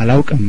አላውቅም